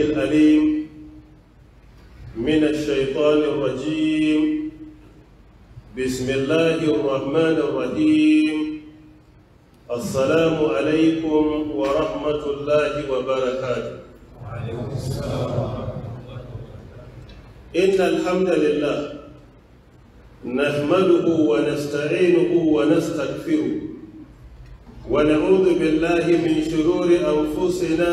الأليم من الشيطان الرجيم بسم الله الرحمن الرحيم السلام عليكم ورحمة الله وبركاته إن الحمد لله نحمده ونستعينه ونستغفره ونعوذ بالله من شرور أنفسنا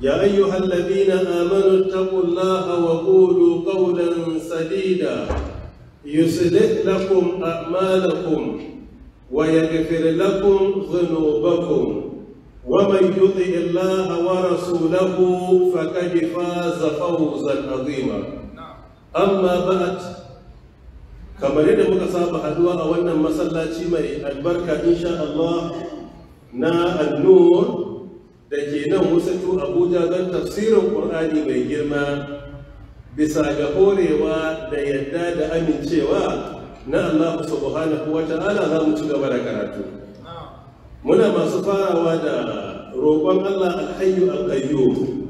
يا أيها الذين آمنوا اتقوا الله وقولوا قولا سديدا يصلح لكم أعمالكم ويغفر لكم ذنوبكم ومن يطع الله ورسوله فقد فاز فوزا عظيما أما بعد كما yadda muka saba haduwa a wannan masallaci mai albarka insha Allah na da ke nan wasu abuja don tafsirin ƙur'ani mai girma bisa ga horewa da yadda da amincewa na allah subhanahu wa ta'ala za mu ci gaba da karatu muna masu farawa da roƙon allah alhayu alhayu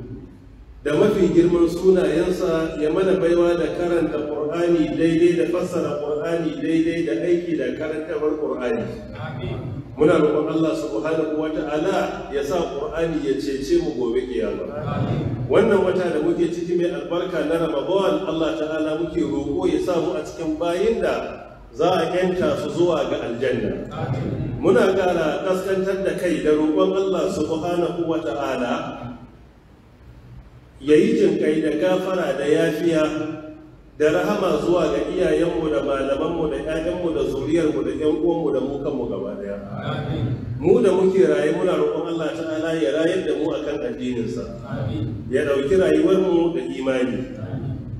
da mafi girman sunayensa ya mana baiwa da karanta ƙur'ani daidai da fassara ƙur'ani daidai da aiki da karantawar ƙur'ani muna roƙon Allah subhanahu wa ta'ala ya sa ƙur'ani ya cece mu gobe kiyama wannan wata da muke ciki mai albarka na Ramadan Allah ta'ala muke roƙo ya sa mu a cikin bayin da za a yanta su zuwa ga aljanna muna ƙara kaskantar da kai da roƙon Allah subhanahu wa ta'ala ya yi jinkai da gafara da yafiya da rahama zuwa ga iyayenmu da malamanmu da 'ya'yanmu da zuriyarmu da 'yan uwanmu da mu kanmu gaba daya mu da muke raye muna roƙon Allah ta'ala ya rayar da mu akan addininsa ya ɗauki rayuwarmu da imani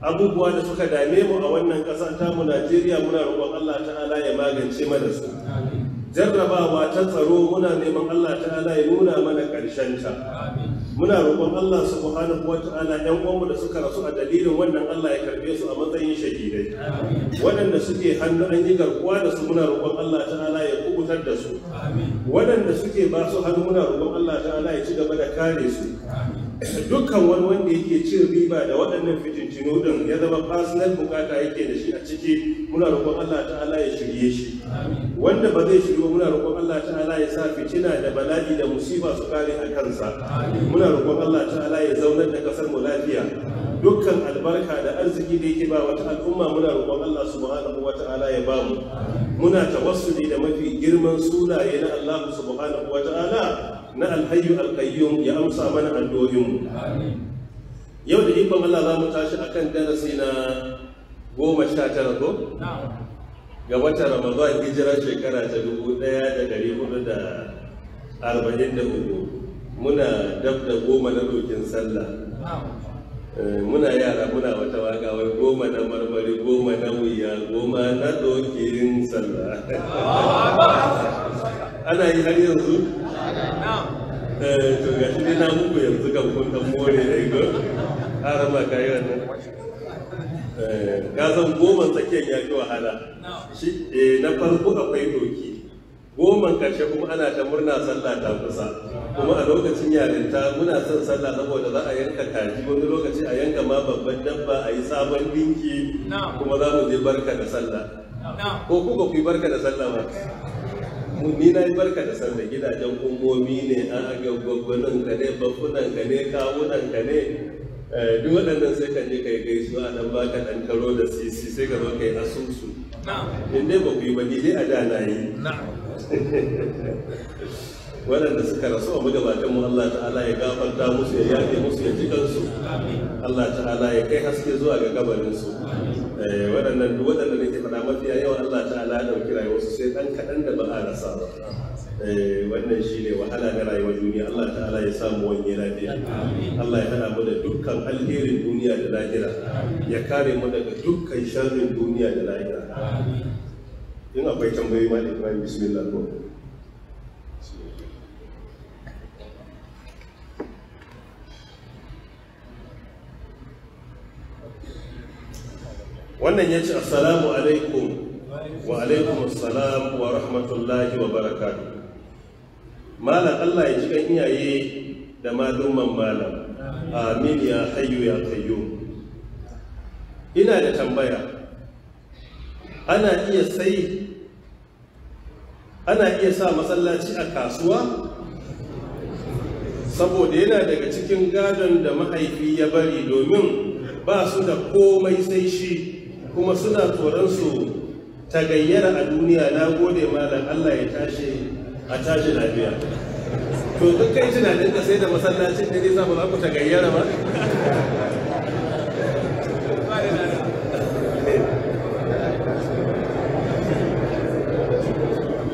abubuwa da suka dame mu a wannan ƙasa ta mu Najeriya muna roƙon Allah ta'ala ya magance mana su jarrabawa ta tsaro muna neman Allah ta'ala ya nuna mana ƙarshen ta muna roƙon Allah subhanahu wa ta'ala ƴan uwanmu da suka rasu a dalilin wannan Allah ya karbe su a matsayin shahidai waɗanda suke hannu an yi garkuwa da su muna roƙon Allah ta'ala ya kubutar da su waɗanda suke ba su hannu muna roƙon Allah ta'ala ya ci gaba da kare su dukkan wani wanda yake cin riba da waɗannan fitintinu din ya zama personal bukata yake da shi a ciki muna roƙon Allah ta'ala ya shirye shi wanda ba zai shirye muna roƙon Allah ta'ala ya sa fitina da bala'i da musiba su kare a kansa muna roƙon Allah ta'ala ya zaunar da kasar mu lafiya dukkan albarka da arziki da yake ba wata al'umma muna roƙon Allah subhanahu wa ya ba mu muna tawassuli da mafi girman sunaye na Allah subhanahu wa ta'ala na alhayyu alqayyum ya amsa mana mu yau da ikon Allah za mu tashi akan darasi na goma sha tara ko ga wata ramadan hijira shekara ta dubu ɗaya da ɗari hudu da arba'in da uku muna dab da goma na dokin sallah Eh, muna yara muna wata waka wai goma na marmari goma na wuya goma na dokin sallah ana yi har yanzu eh, to ga shi na muku yanzu kan kun dan more ne ko har ma kai wannan eh, ka san goma tsakiyar ya fi wahala shi na farko akwai doki goman karshe kuma ana ta murna sallah ta kusa kuma a lokacin yarinta muna son sallah saboda za a yanka kaji wani lokaci a yanka ma babban dabba a yi sabon dinki kuma za mu je barka da sallah ko kuka ku barka da sallah ba ni na yi barka da sallah gidajen kungomi ne an aga ka ne bakunan ka ne kawunan ka ne Eh, duk waɗannan sai ka je kai gaisuwa dan baka ɗan karo da sisi sai ka zo ka asusu in dai ba ku yi ba ni dai a da na yi waɗanda suka rasu a mu Allah ta'ala ya gafarta musu ya yafe musu ya ji kansu Allah ta'ala ya kai haske zuwa ga gabarinsu eh, waɗannan duk waɗanda ke faɗa mafiya yawan Allah ta'ala ya ɗauki rayuwarsu sai ɗan kaɗan da ba a rasa ba Eh, wannan shi ne wahala na rayuwar duniya Allah ta'ala ya samu wanye lafiya Allah ya hada mu da dukkan alherin duniya da lahira ya kare mu daga dukkan sharrin duniya da lahira in akwai tambayoyi ma da Ibrahim bismillah ko wannan ya ce assalamu alaikum wa alaikum assalam wa rahmatullahi wa barakatuh malam Allah ya kan iyaye da madoman malam amin ya hayyu ya kayyo ina da tambaya ana iya sai ana iya sa masallaci a kasuwa saboda yana daga cikin gadon da mahaifi ya bari domin ba su da komai sai shi kuma suna tsoron su ta gayyara a duniya na gode malam Allah ya tashi a tashi lafiya to duk kai tunanin ka sai da masallacin da zai samu za ku ta daɗi ba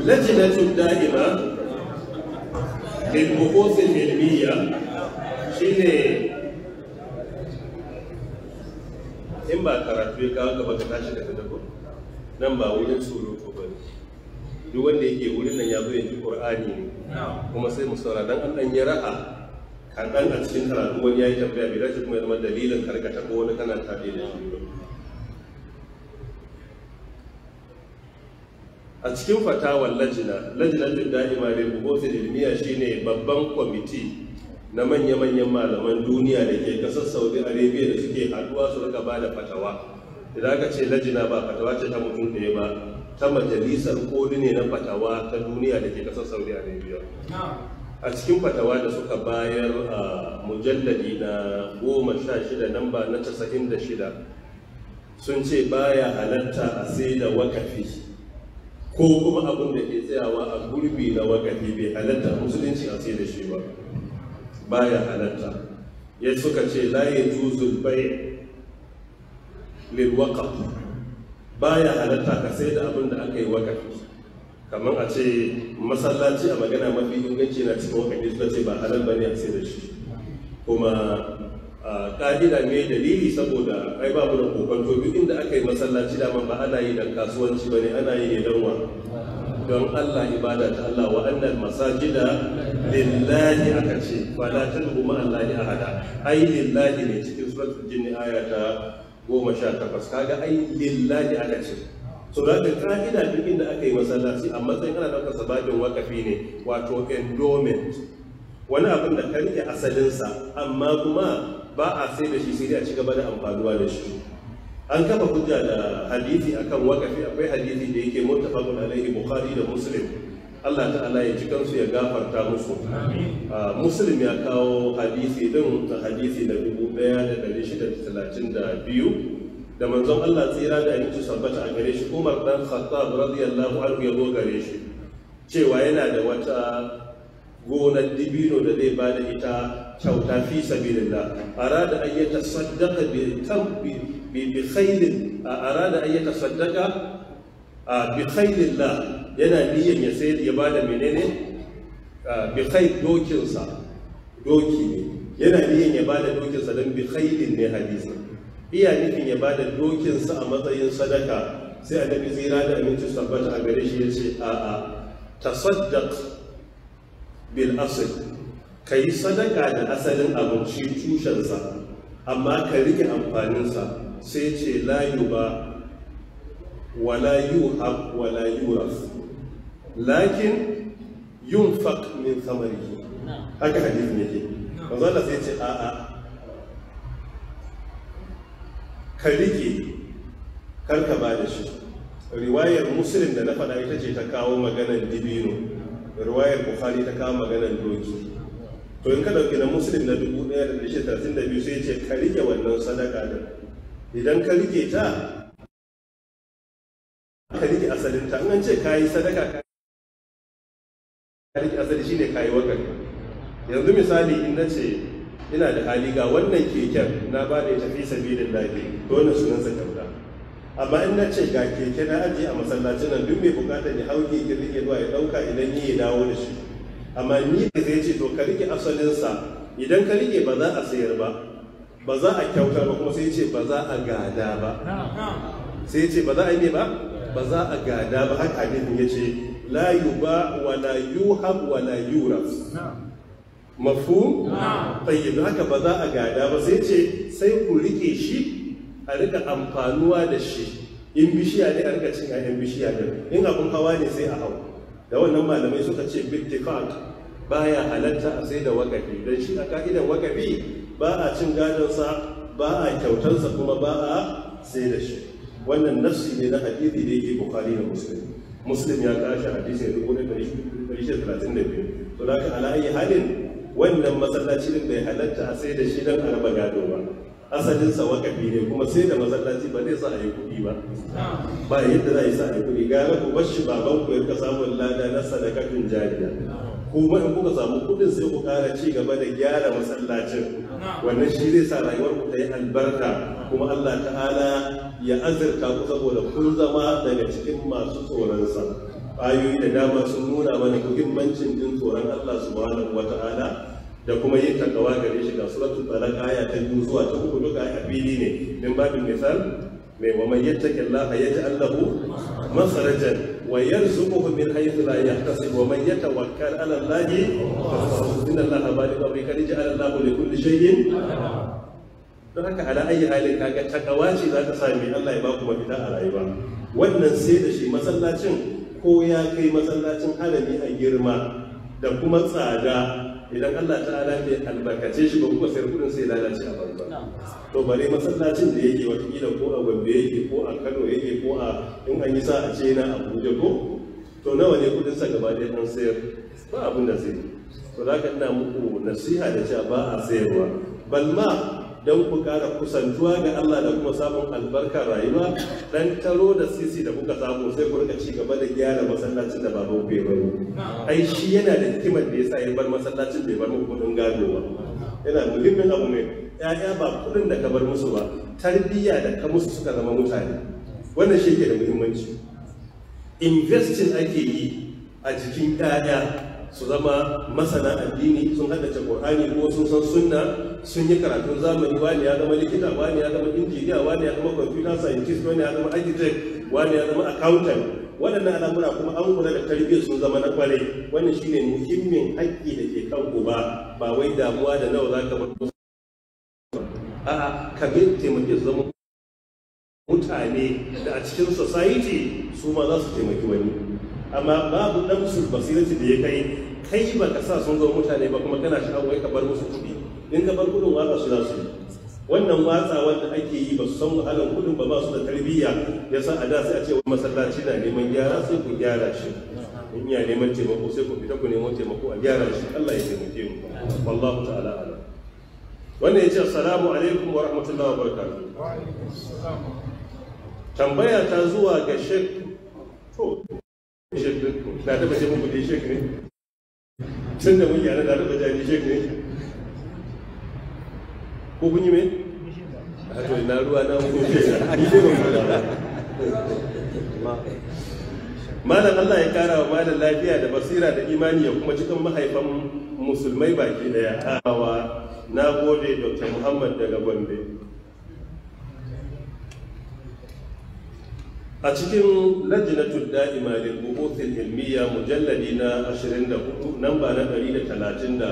لجنة دائمة ilmiya العلمية شيني in ba karatu ya kawo gaba ka tashi daga dako nan ba wurin tsoro duk wanda yake wurin nan ya zo ya ji ne kuma sai mu saura dan an dan yi ra'a kan dan a cikin karatu wani yayi tambaya bai dace kuma ya zama dalilin karkata ko wani kana tabe da shi a cikin fatawar lajina lajinatun da'ima da bukotin ilmiya shine babban kwamiti na manya-manyan malaman duniya da ke kasar saudi arabia da suke haduwa su rika ba da fatawa idan aka ce lajina ba fatawa ce ta mutum ɗaya ba ta majalisar koli ne na fatawa ta duniya da ke kasar saudi arabia a cikin fatawa da suka bayar a mujalladi na goma sha shida namba na casa'in da shida sun ce baya halatta a sai da wakafi ko kuma abin da ke tsayawa a gurbi na wakafi bai halatta musulunci a sai da shi ba baya halatta ya suka ce la zuzul bai lil waqaf baya halatta ka sai da abin da aka yi wakafi kamar a ce masallaci a magana mafi inganci na cikin wakafi suna ce ba halal bane a sai da shi kuma ka'ida ne dalili saboda ai babu da kokonto duk inda aka yi masallaci dama ba ana yi dan kasuwanci bane ana yi ne dan wa don Allah ibada ta Allah wa annal masajida lillahi aka ce fa la tadbu ma ahada ai lillahi ne cikin suratul jinni ayata goma sha takwas kaga ai lillahi aka ce so da ka ka'ida duk inda aka yi masallaci a matsayin ana ɗaukar sababin wakafi ne wato endowment wani abin da ka rike asalinsa amma kuma ba a sai da shi sai a ci gaba da amfanuwa da shi an kafa hujja da hadisi akan wakafi akwai hadisi da yake muttafaqun alaihi bukhari da muslim Allah ta'ala ya ji kansu ya gafarta musu muslim ya kawo hadisi din hadisi na 1632 da manzon Allah tsira da aminci sabbata a gare shi Umar dan Khattab radiyallahu anhu ya zo gare shi cewa yana da wata gonar dibino da zai bada ita kyauta fi sabilillah arada an yatasaddaqa bi tambi bi arada bi yana niyan ya sayar ya bada menene ah, bi dokinsa doki ne yana niyan ya bada dokinsa don bi khairin ne hadisi iya nufin ya bada dokinsa a matsayin sadaka sai annabi zira da aminci sabbata a gare shi ya ce a a tasaddaq bil asl ka sadaka da asalin abinci tushensa amma ka rike amfaninsa sai ce layu ba wala yuhab wala yuraf lakin yun yunfaq min samarihi haka hadisin yake ke. Allah sai ce a'a ka rike kar ka ba da shi riwayar muslim da na faɗa ita ce ta kawo maganar dibino riwayar bukhari ta kawo maganar doki to in ka dauki na muslim na 1132 sai ce ka rike wannan sadaka din idan ka rike ta ka rike asalin ta an ce ka yi sadaka halik asali shine kayi wakari yanzu misali in na ce ina da hali ga wannan keken na ba da ya tafi sabilin lafi dole sunan sa kyauta amma in ce ga keke na ajiye a masallacin nan duk mai bukatar ya hau keke rike zuwa ya dauka idan ni ya dawo da shi amma ni da zai ce to ka rike asalinsa idan ka rike ba za a sayar ba ba za a kyautar ba kuma sai ce ba za a gada ba sai ce ba za a yi ne ba ba za a gada ba haka abin ya ce لا يباع ولا يوهب ولا يورث مفهوم؟ طيب هكا بدا اغادا ba za a gada ba sai ce sai ku rike shi a rika amfanuwa da shi in bishiya ne a rika cin bishiya ne in abun hawa ne sai a hau da wannan malamai suka ce bittifaq baya halatta a sai da wakafi dan shi a ka'idan wakafi ba a cin gadonsa ba a kyautarsa kuma ba a sai da shi wannan nafsi ne na hadisi da yake bukhari da muslim muslim ya kashi hadisi ya dubu ɗaya talatin da biyu to da haka halin wannan masallaci din bai halatta a sai da shi don harba gado ba asalin sa wakafi ne kuma sai da masallaci ba zai sa a yi kuɗi ba ba yadda za a yi sa a yi kuɗi gara ku bar shi baban ku yadda samun lada na sadakatun jariya kuma in kuka samu kuɗin sai ku kara ci gaba da gyara masallacin wannan shi zai sa rayuwar ku ta yi albarka kuma Allah ta'ala ya azurta ku saboda kun zama daga cikin masu tsoronsa. sa ayoyi da dama sun nuna mana muhimmancin jin tsoron Allah subhanahu ta'ala da kuma yin takawa gare shi ga suratul talaq aya ta biyu zuwa ta uku duka a fili ne min babin misal mai wa man yattaqillaha yaj'al lahu makhrajan ويرزقه من حيث لا يحتسب ومن يتوكل على الله ان الله بالغ امره قد جعل الله لكل شيء don haka ala ayi halin kaga takawa ce za ta sami Allah ya baku mafita a rayuwa wannan sai da shi masallacin ko ya kai masallacin alami a girma da kuma tsada idan Allah ta'ala bai albarkace shi ba kuma sayar kudin sai lalace a banza to bare masallacin da yake wata kila ko a gombe yake ko a kano yake ko a in an yi sa a ce na abuja ko to nawa ne kudin sa gaba da an sayar ba abin da sai to za ina muku nasiha da cewa ba a sayarwa balma don ku ƙara kusantuwa ga Allah da kuma samun albarkar rayuwa dan taro da sisi da kuka samu sai ku rika ci gaba da gyara masallacin da baban ku ya baro ai shi yana da hikimar da yasa ya bar masallacin da ya bar muku don gado ba yana muhimmin abu ne ya ba kudin da ka bar musu ba tarbiyya da ka musu suka zama mutane wannan shi ke da muhimmanci investing ake yi a jikin ya'ya su zama masana addini sun ta Qur'ani ko sun san sunna sun yi karatun zamani wani ya zama likita wani ya zama injiniya wani ya zama computer scientist wani ya zama architect wani ya zama accountant waɗannan al'amura kuma an kula da tarbiyyar sun zama na kwarai wannan shine muhimmin haƙƙi da ke kan ba, ba wai damuwa da nawa za ka ba a'a ka bin taimake su zama mutane da a cikin society su ma za su taimaki wani amma babu ɗan basiraci da ya kai kai ba ka sa sun zama mutane ba kuma kana wai ka bar musu kuɗi in ka bar gudun watsa shi za su yi wannan watsa wanda ake yi ba su san wahalar gudun ba ba su da tarbiyya ya sa a da sai a ce masallaci na neman gyara sai ku gyara shi in ya neman taimako sai ku fita ku neman taimako a gyara shi Allah ya taimake mu wallahu ta'ala ala wannan ya ce assalamu alaikum wa rahmatullahi wa barakatuh tambaya ta zuwa ga shek to shek na taba ce muku bude shek ne tun da mun yana da rubuta jani shek ne ko kun yi me a ah, to ina ruwa na ko ke ni dai malam Allah ya kara wa malam lafiya da basira da imani ya kuma cikin mahaifan musulmai baki daya awa na gode Dr. Muhammad daga Gombe a cikin na tudda imanin bukotin ilmiya mujalladi na 24 nan ba na 132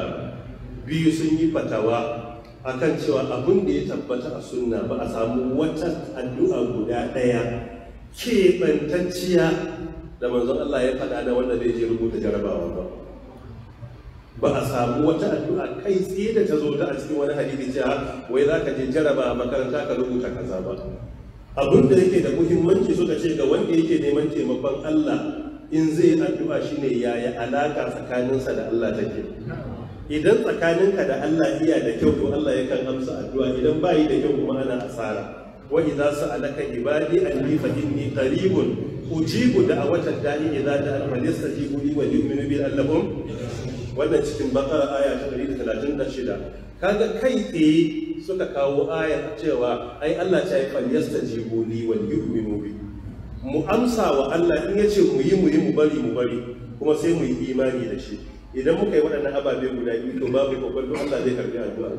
sun yi fatawa akan cewa abin da ya tabbata a sunna ba a samu wata addu'a guda ɗaya keɓantacciya da manzo Allah ya faɗa da wanda zai je rubuta jarabawa ba ba a samu wata addu'a kai tsaye da ta zo ta a cikin wani hadisi cewa wai za ka je jaraba makaranta ka rubuta kaza ba abin da yake da muhimmanci suka ce ga wanda yake neman taimakon Allah in zai addu'a shine yaya alaka tsakaninsa da Allah take idan tsakaninka da Allah iya da kyau to Allah yakan amsa addu'a idan bayi da kyau kuma ana asara wa idza sa'alaka ibadi anni fa inni qaribun ujibu da'watad da'i idza da'a fa yastajibu li wa yu'minu bi allahum wannan cikin bakara aya ta 136 kaga kai tsaye suka kawo ayar cewa ai Allah ta yi fal yastajibu li wa yu'minu bi mu amsa wa Allah in yace mu yi mu yi mu bari mu bari kuma sai mu yi imani da shi idan muka yi waɗannan ababe guda biyu to babu don Allah zai karbi addu'a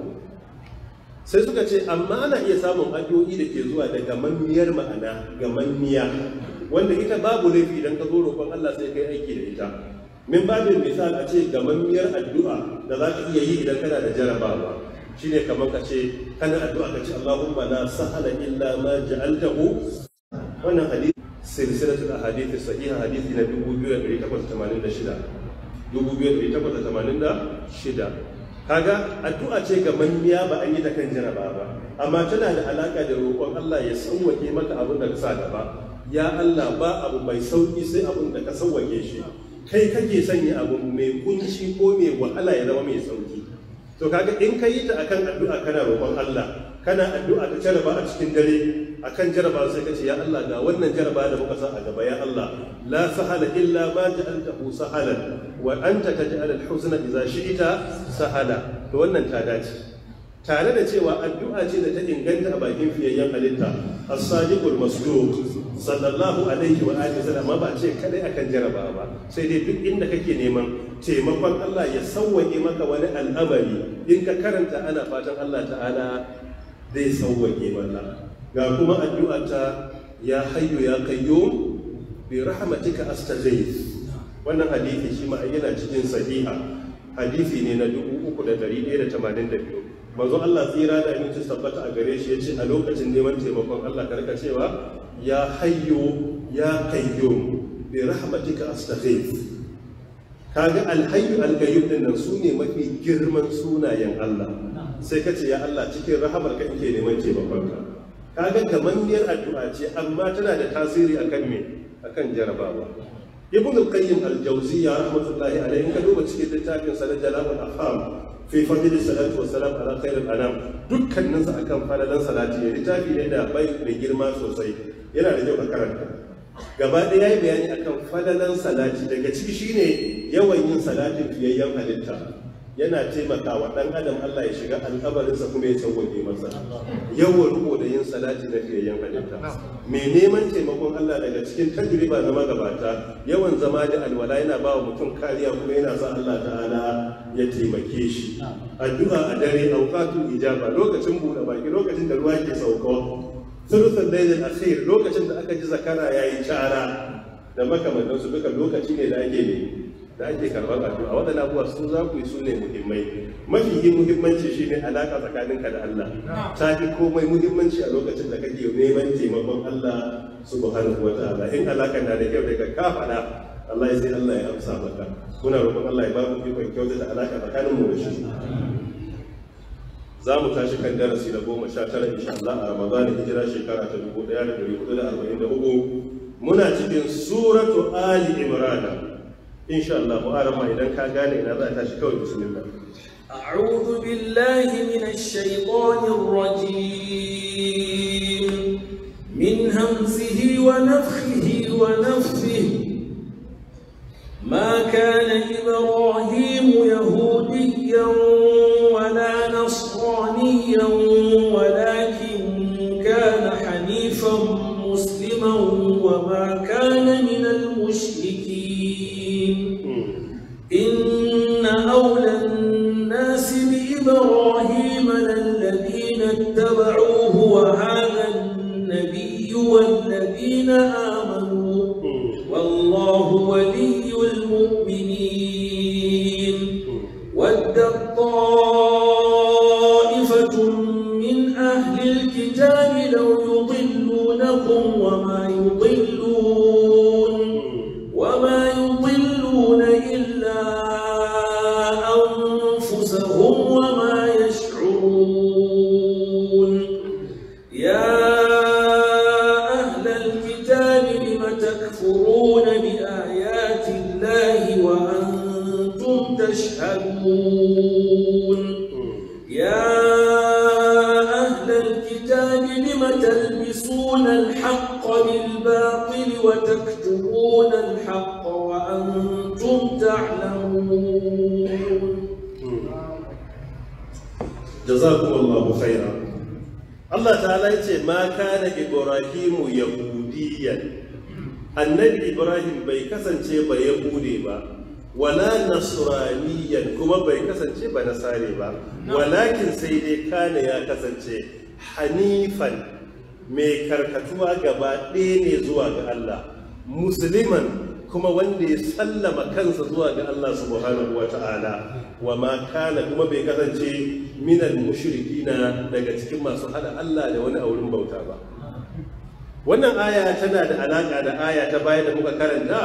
sai suka ce amma ana iya samun addu'o'i da ke zuwa daga mammiyar ma'ana ga wanda ita babu laifi idan ka zo roƙon Allah sai kai aiki da ita min babu misal a ce ga addu'a da za ka iya yi idan kana da jarabawa shine kamar ka ce kana addu'a ka ce Allahumma la sahala illa ma ja'altahu wannan hadisi silsilatul ahadith sahiha hadisi na 2886 2886 kaga addu'a ce ga manya ba an yi ta kan jaraba ba amma tana da alaƙa da roƙon Allah ya sauwake maka abin da ka sa gaba ya Allah ba abu mai sauki sai abin da ka sauwake shi kai kake sanya abu mai kunci ko mai wahala ya zama mai sauki to kaga in ka yi ta akan addu'a kana roƙon Allah kana addu'a ta jaraba a cikin dare akan jaraba sai kace ya Allah ga wannan jaraba da muka sa a gaba ya Allah la sahala illa ma ja'altahu sahalan wa anta taj'al al-huzna idza shi'ta sahala to wannan ta dace tare da cewa addu'a ce da ta inganta a bakin fiyayyen halitta as-sadiqul masduq sallallahu alaihi wa alihi wasallam ba ce kadai akan jaraba ba sai dai duk inda kake neman taimakon Allah ya sauwake maka wani al'amari in ka karanta ana fatan Allah ta'ala zai sauwake maka ga kuma addu'a ta ya hayyo, ya qayyum bi rahmatika astaghith wannan hadithi shi ma yana cikin sahiha hadithi ne na 3182 manzo Allah tsira da ta tabbata a gare shi yace a lokacin neman taimakon Allah karka cewa ya hayyo, ya qayyum bi rahmatika astaghith kaga alhayyu alqayyum din nan su ne mafi girman sunayen Allah sai ka ce ya Allah cikin rahamar ka ike neman taimakonka. kaga gamanniyar addu'a ce amma tana da tasiri akan me akan jarabawa ibn al-qayyim al-jawziyya rahmatullahi alayhi ka duba cikin littafin sa na jalal al-afham fi fadl salatu wa salam ala khair al-anam dukkanin sa akan falalan salati ne littafi ne da bai da girma sosai yana da yau a karanta gaba ɗaya yayi bayani akan fadalan salati daga ciki shine yawan yin salatin fiyayyen halitta yana taimaka wa ɗan adam Allah ya shiga sa kuma ya sauwaƙe masa yawan rubo da yin salati na fiyayyen halitta mai neman taimakon Allah daga cikin tajriba na magabata yawan zama da alwala yana ba wa mutum kariya kuma yana sa Allah ta'ala ya taimake shi addu'a a dare auqatul ijaba lokacin buɗe baki lokacin da ruwa ke sauko. sulusul lailin akhir lokacin da aka ji zakara yayi cara da makamantansu duka lokaci ne da ake ne da ake karɓar addu'a waɗannan abubuwa su za ku yi su ne muhimmai mafi muhimmanci shi ne alaƙa tsakaninka da Allah ta fi komai muhimmanci a lokacin da kake neman taimakon Allah subhanahu wa ta'ala in alaƙa na da kyau daga ka faɗa Allah ya sai Allah ya amsa maka Kuna roƙon Allah ya ba mu ikon kyauta da alaƙa tsakanin mu da shi za mu tashi kan darasi da goma sha tara insha Allah a Ramadan hijira shekara ta dubu ɗaya da ɗari hudu da arba'in da hudu. muna cikin suratu Ali Imran إن شاء الله وآل ما إذا كان قال إن هذا تشكو بسم الله أعوذ بالله من الشيطان الرجيم من همسه ونفخه ونفخه ما كان إبراهيم يهوديا الرسول وتكتمون الحق وأنتم تعلمون جزاكم الله خيرا الله تعالى يقول ما كان إبراهيم يهوديا annabi ibrahim bai kasance ba ya bude ba wala nasraniyan kuma bai kasance ba nasare ba walakin sai dai kana ya kasance hanifan mai karkatuwa gaba ɗaya ne zuwa ga Allah musulman kuma wanda ya sallama kansa zuwa ga Allah subhanahu wa ta'ala wa ma kana kuma bai kasance minal mushrikina daga cikin masu hada Allah da wani a wurin bauta ba wannan aya tana da alaka da aya ta baya da muka karanta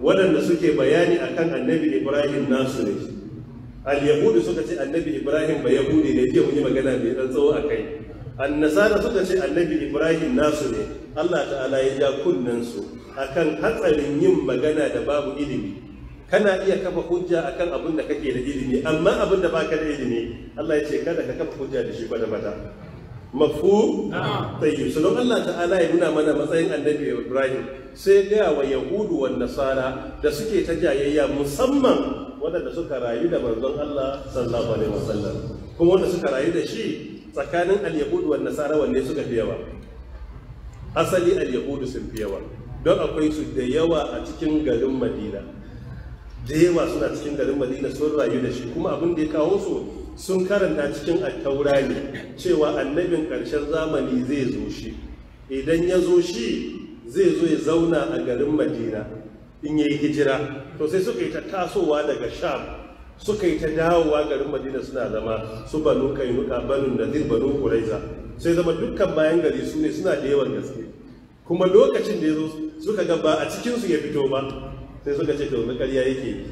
waɗanda suke bayani akan annabi Ibrahim nasu ne al-yahudu suka ce annabi Ibrahim ba yahudi ne jiya mun yi magana mai dan tsawo akai annasara suka ce annabi ibrahim nasu ne allah ta'ala ya ja kunnensu akan hatsarin yin magana da babu ilimi kana iya kafa hujja akan abin da kake da ilimi amma abin da baka da ilimi allah ya ce kada ka kafa hujja da shi kwata kwata mafu tayyib so don allah ta'ala ya nuna mana matsayin annabi ibrahim sai gaya wa yahudu wa nasara da suke ta jayayya musamman waɗanda suka rayu da manzon allah sallallahu alaihi wasallam kuma wanda suka rayu da shi tsakanin al-yahudu wan nasara wanne suka fi yawa asali al-yahudu sun fi yawa don akwai su da yawa a cikin garin madina da yawa suna cikin garin madina sun rayu da shi kuma abin da ya kawo su sun karanta cikin attaura ne cewa annabin karshen zamani zai zo shi idan ya zo shi zai zo ya zauna a garin madina in ya yi hijira to sai suka yi ta tasowa daga sham suka yi ta dawowa garin madina suna zama su banu kainuka banu nadir banu kuraiza sai zama dukkan bayan gari su ne suna da yawan gaske kuma lokacin da ya zo suka ga ba a cikinsu ya fito ba sai suka ce to na ƙarya yake yi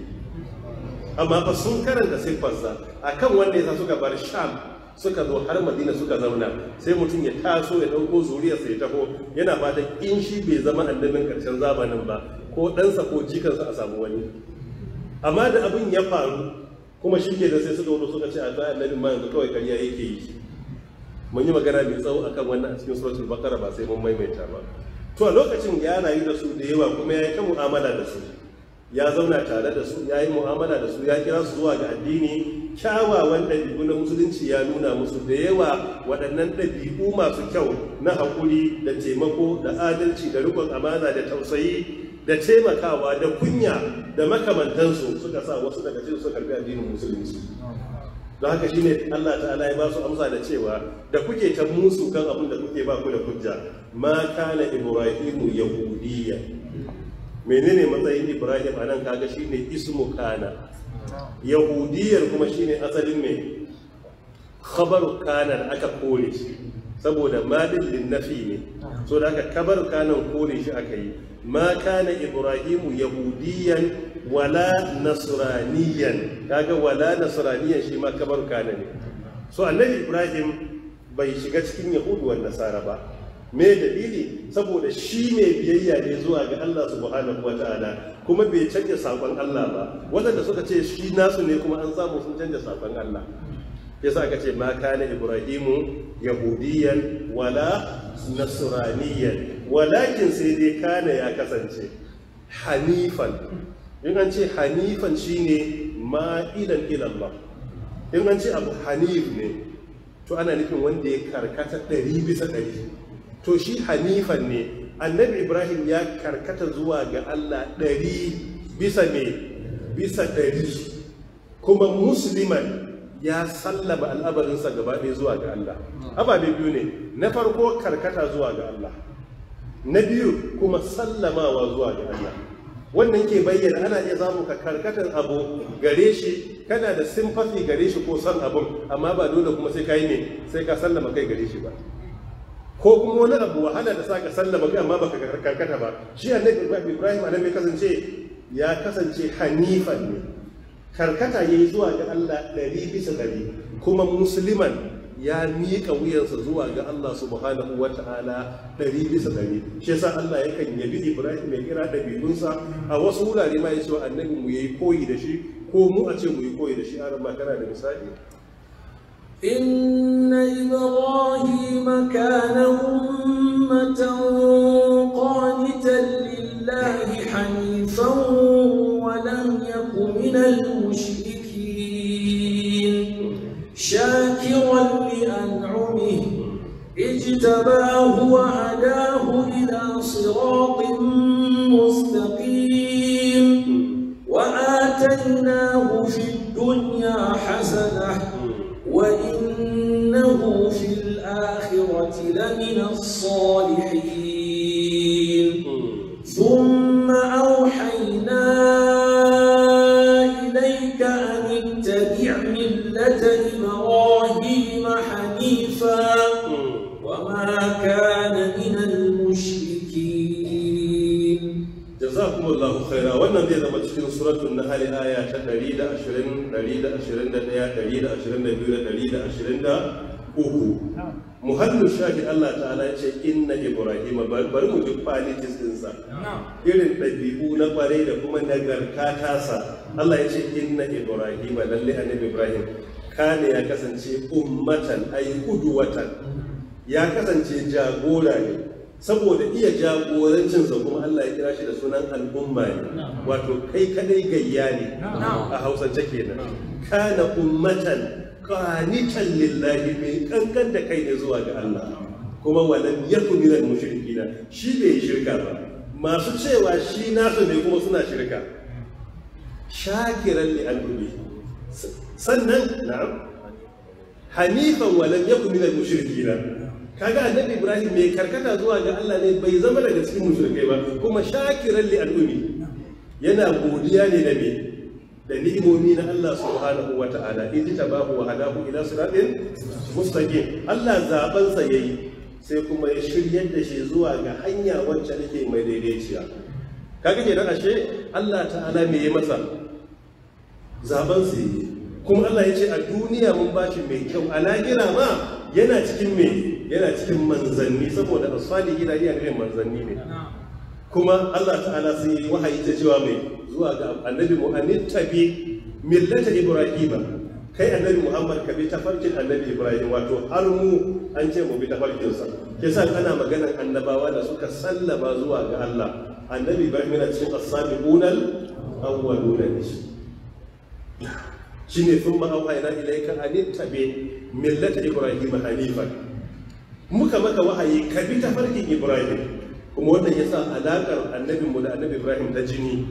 amma ba sun karanta siffarsa a kan wanda yasa suka bar sham suka zo har madina suka zauna sai mutum ya taso ya ɗauko zuriyarsa ya taho yana fatan in shi bai zama annabin ƙarshen zamanin ba ko ɗansa ko jikansa a samu wani amma da abin ya faru kuma shi ke da sai suka wuri suka ce a zai annabin ma yanzu kawai karya yake yi mun yi magana mai tsawo akan wannan a cikin suratul bakara ba sai mun maimaita ba to a lokacin ya rayu da su da yawa kuma ya yi ta mu'amala da su ya zauna tare da su ya yi mu'amala da su ya kira su zuwa ga addini kyawawan ɗabi'u na musulunci ya nuna musu da yawa waɗannan ɗabi'u masu kyau na haƙuri da taimako da adalci da riƙon amana da tausayi da taimakawa da kunya da makamantansu suka sa wasu daga cikin suka karbi addinin musulunci don haka shine Allah ta'ala ya ba su amsa da cewa da kuke ta musu kan abin da kuke ba ku da hujja ma kana ibrahimu yahudiyya menene matsayin ibrahim a anan kaga shine ismu kana yahudiyyar kuma shine asalin mai khabaru kana aka kore shi saboda madin nafi ne so da aka kabar kanan kore shi aka yi ma kana ibrahimu yahudiyan wala nasraniyan kaga wala nasraniyan shi ma kabar kana ne so annabi ibrahim bai shiga cikin yahudu wal nasara ba me dalili saboda shi ne biyayya ne zuwa ga Allah subhanahu ta'ala kuma bai canja sakon Allah ba da suka ce shi nasu ne kuma an samu sun canja sakon Allah yasa aka ce ma kana ibrahimu yahudiyan wala nasraniyan walakin sai dai kana ya kasance hanifan in an ce hanifan shine ma'ilan ilallah in an ce abu hanif ne to ana nufin wanda ya karkata ɗari bisa ɗari to shi hanifan ne annabi ibrahim ya karkata zuwa ga allah ɗari bisa ne bisa ɗari kuma musulman ya sallaba al'abarinsa gaba zuwa ga allah ababe biyu ne na farko karkata zuwa ga allah na biyu kuma sallamawa zuwa ga Allah wannan ke bayyana ana iya zamu ka karkatar abu gare shi kana da simfafi gare shi ko san abun amma ba dole kuma sai kai ne sai ka sallama kai gare shi ba ko kuma wani abu wahala da saka sallama kai amma baka karkata ba shi annabi Ibrahim annabi kasance ya kasance hanifan ne karkata yayi zuwa ga Allah ɗari bisa ɗari kuma musliman ya miƙa wuyansa zuwa ga Allah subhanahu wa ta'ala ɗari bisa ɗari shi yasa Allah yakan yabi Ibrahim ya kira ɗabi'unsa a wasu wurare ma ya ce annabi mu yayi koyi da shi ko mu a ce mu yi koyi da shi arama kana da misali إن إبراهيم كان أمة قانتا لله حنيفا karo duk qualities irin ɗabi'u na kwarai da kuma nagarta tasa Allah ya ce inna ibrahim lalle annabi ibrahim kane ya kasance ummatan ay watan. ya kasance jagora ne saboda iya jagorancinsa kuma Allah ya kira shi da sunan al'umma ne wato kai kadai gayya ne a hausance kenan kana ummatan qanitan lillahi mai kankan da kai ne zuwa ga Allah kuma walam yaku minal mushrikina shi bai shirka ba masu cewa shi nasu ne kuma suna shirka shakiran li al sannan na'am hanifan walam yaku minal mushrikina kaga annabi ibrahim mai karkata zuwa ga Allah ne bai zama daga cikin mushrikai ba kuma shakiran li al yana godiya ne da me da ni'imomi na Allah subhanahu wa ta'ala in ji tabahu wa hadahu ila siratin mustaqim Allah zaban sa yayi sai kuma ya shiryar da shi zuwa ga hanya wacce take mai daidaiciya kaga kenan ashe Allah ta'ala me ya masa zaben su kuma Allah ya ce a duniya mun ba mai kyau a lahira ma yana cikin me yana cikin manzanni saboda asali gida iya nufin manzanni ne kuma Allah ta'ala sun yi wahayi ta cewa mai zuwa ga annabi mu tabi millata ibrahima kai annabi muhammad ka bi tafarkin annabi ibrahim wato har mu an ce mu bi tafarkinsa ke sa ana maganar annabawa da suka sallaba zuwa ga allah annabi ibrahim yana cikin as-sabiqunal awwaluna ne shine thumma awhayna ilayka an tabi millata ibrahim hanifan muka maka wahayi ka bi tafarkin ibrahim kuma wannan yasa alakar annabinmu da annabi ibrahim ta jini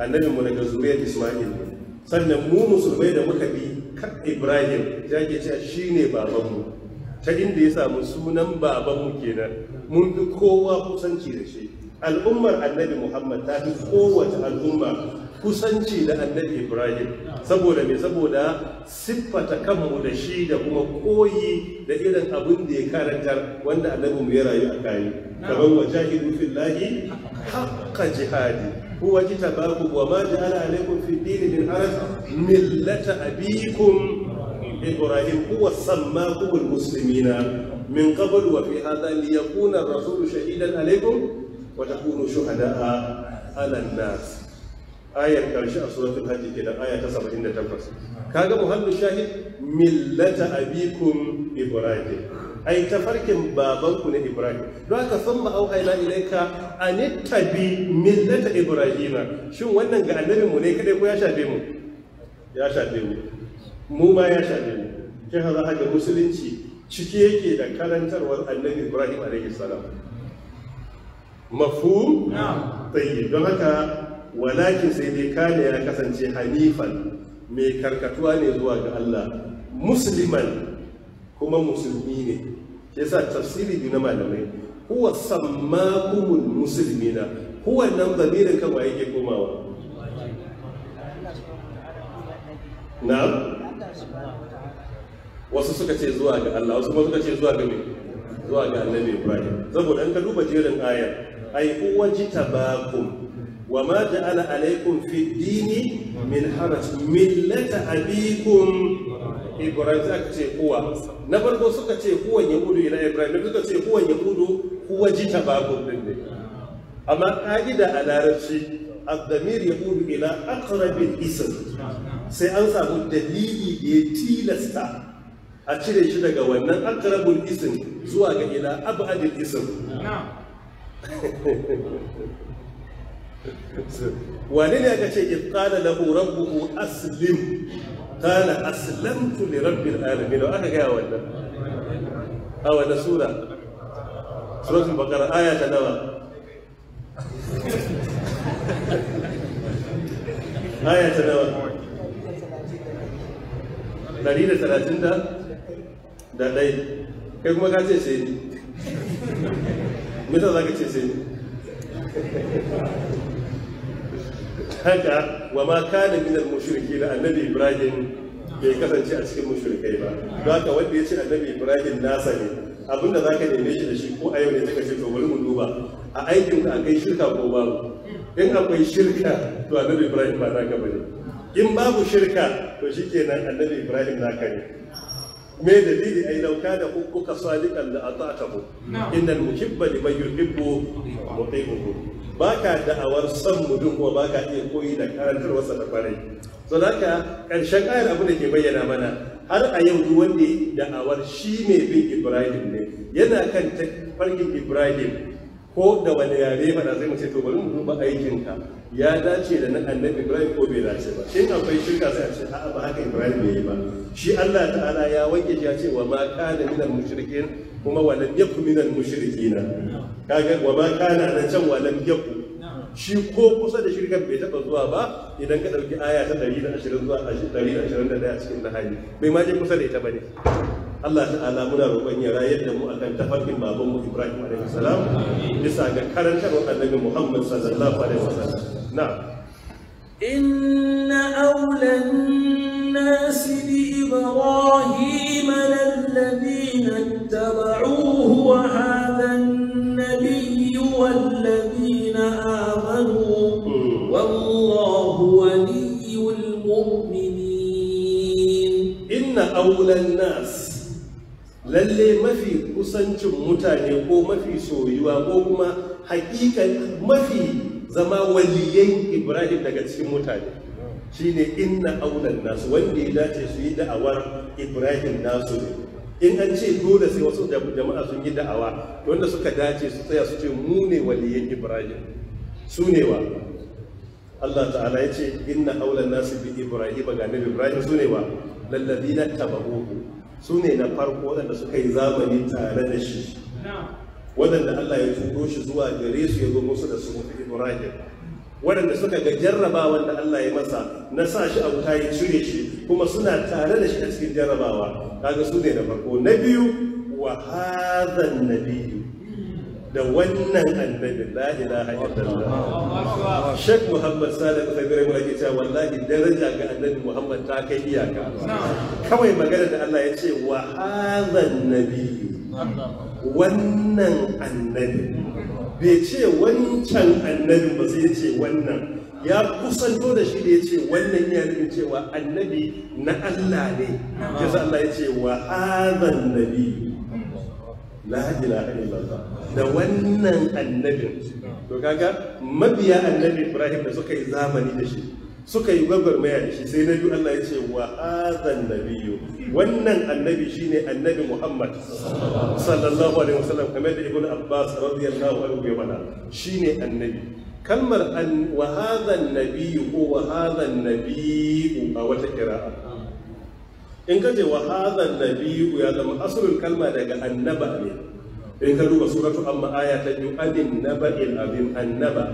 annabinmu daga zuriyar isma'il sannan mu musulmai da muka bi ibrahim ya ke cewa shi ne babanmu ta inda ya samu sunan babanmu kenan mun fi kowa kusanci da shi al'ummar annabi muhammad ta fi kowace al'umma kusanci da annabi ibrahim saboda me saboda siffata kanmu da shi da kuma koyi da irin abin da ya karantar wanda annabi mu ya rayu a kayi kamar wajahidu fillahi haqqa jihadi هو اجتباكم وما جعل عليكم في الدين من حرج ملة أبيكم إبراهيم هو سماكم المسلمين من قبل وفي هذا ليكون الرسول شهيدا عليكم وتكونوا شهداء على الناس آية كرشاء سورة الحج كده آية 78 كاغا محمد الشاهد ملة أبيكم إبراهيم ai tafarkin babanku ne ibrahim don haka sun ma'auhaina ilaika a tabi millata ibrahima shin wannan ga mu ne kadai ko ya shafe mu ya shafe mu mu ma ya shafe mu shi haka haka musulunci ciki yake da karantarwar annabi ibrahim alaihi salam mafu tsaye don haka walakin sai dai kane ya kasance hanifan mai karkatuwa ne zuwa ga allah musliman kuma musulmi ne yasa tafsiri biyu na malamai huwa sammakumul Musulmina, huwa nan zamirin kan waye ke komawa na wasu suka ce zuwa ga Allah wasu kuma suka ce zuwa ga mai zuwa ga Annabi Ibrahim saboda an ka duba jerin ayar ai ba ku. wa ma ja'ala alaikum fi dini min haraj millata abikum ibrahim za ka ce kuwa na suka ce kuwan yahudu ila ibrahim na suka ce kuwan yahudu kuwa ji tabakun din ne amma ka'ida a larabci abdamir yahudu ila akrabin isin sai an samu dalili ya tilasta a cire shi daga wannan akrabul isin zuwa ga ila abadil isin wani ne aka ce ifqala lahu rabbuhu aslim qala aslamtu li rabbil alamin wa aka gaya wannan a wata sura suratul baqara aya ta nawa aya ta nawa 130 da da dai kai kuma ka ce sai ni mita za ka ce sai ni haka wa ma kana min al-mushrikin annabi ibrahim bai kasance a cikin mushrikai ba don haka wanda ya ce annabi ibrahim nasa ne abinda zaka neme shi da shi ko a yau ne take ce to bari mu duba a aikin ka akai shirka ko babu in akwai shirka to annabi ibrahim ba naka bane in babu shirka to shikenan annabi ibrahim naka ne me dalili ai lauka da kuka sadiqan la ata'tahu innal muhibba liman yuhibbu muti'uhu ba ka da'awar son mutum kuma ba ka iya koyi da karantarwarsa da kwarai so da haka ƙarshen ayar abu da ke bayyana mana har a yau duk wanda da'awar shi ne bin ibrahim ne yana kan farkin ibrahim ko da wani yare ba zai mace to bari mu ba aikinka ya dace da na annabi ibrahim ko bai dace ba shin akwai shirka sai a ce a'a ba haka ibrahim ya yi ba shi allah ta'ala ya wanke ya ce wa ma kana minal mushrikin kuma walam yakun minal mushrikina kaga wa ma kana da can walam yaku shi ko kusa da shirkan bai taba zuwa ba idan ka ɗauki aya ta 120 zuwa 121 a cikin nahaji bai ma je kusa da ita bane ne Allah ta'ala muna roƙon ya rayar da mu akan tafarkin baban mu Ibrahim alaihi salam bisa ga karantarwar annabi Muhammad sallallahu alaihi wasallam na inna awlan nasi bi ibrahim alladhina اتبعوه وهذا النبي والذين آمنوا والله ولي المؤمنين إن أولى الناس lalle mafi kusancin mutane ko mafi soyuwa ko kuma hakikan mafi zama waliyan ibrahim daga cikin mutane shine inna aunan nasu wanda ya dace su yi da'awar ibrahim nasu ne in an ce dole sai wasu jama'a sun yi da'awa wanda suka dace su tsaya su ce mu ne waliyan ibrahim su ne wa Allah ta'ala ya ce inna aulan nasu bi ibrahim ga nabi ibrahim su ne wa na tabahuhu su ne na farko waɗanda suka yi zamani tare da shi Wadanda Allah ya turo shi zuwa gare su ya zo musu da su ibrahim waɗanda suka ga jarrabawan da Allah ya masa na sa shi a wuta ya cire shi kuma suna tare da shi a cikin jarrabawa kaga su ne na farko na biyu wa hadhan nabiyyu da wannan annabi la ilaha illallah shek muhammad sadiq kabir mu yake ta wallahi daraja ga annabi muhammad ta kai iyaka kawai magana da Allah ya ce wa hadhan nabiyyu wannan annabi bai ce wancan annabin ba sai ya ce wannan ya kusanto da shi da ya ce wannan ya nufin cewa annabi na Allah ne ya sa Allah ya ce wa azan nabi la ilaha ba da wannan annabin to kaga mabiya annabi Ibrahim da suka yi zamani da shi suka yi gwagwarmaya da shi sai na biyu Allah ya ce wa azan nabiyyu wannan annabi shine annabi Muhammad sallallahu alaihi wasallam kamar da Ibn Abbas radiyallahu anhu ya bada shine annabi kalmar an wa hadha an-nabiyyu ko hadha an-nabiyyu a wata qira'a in kaje wa hadha an-nabiyyu ya zama asalin kalma daga annaba ne in ka duba suratu amma aya ta biyu adin naba'il azim annaba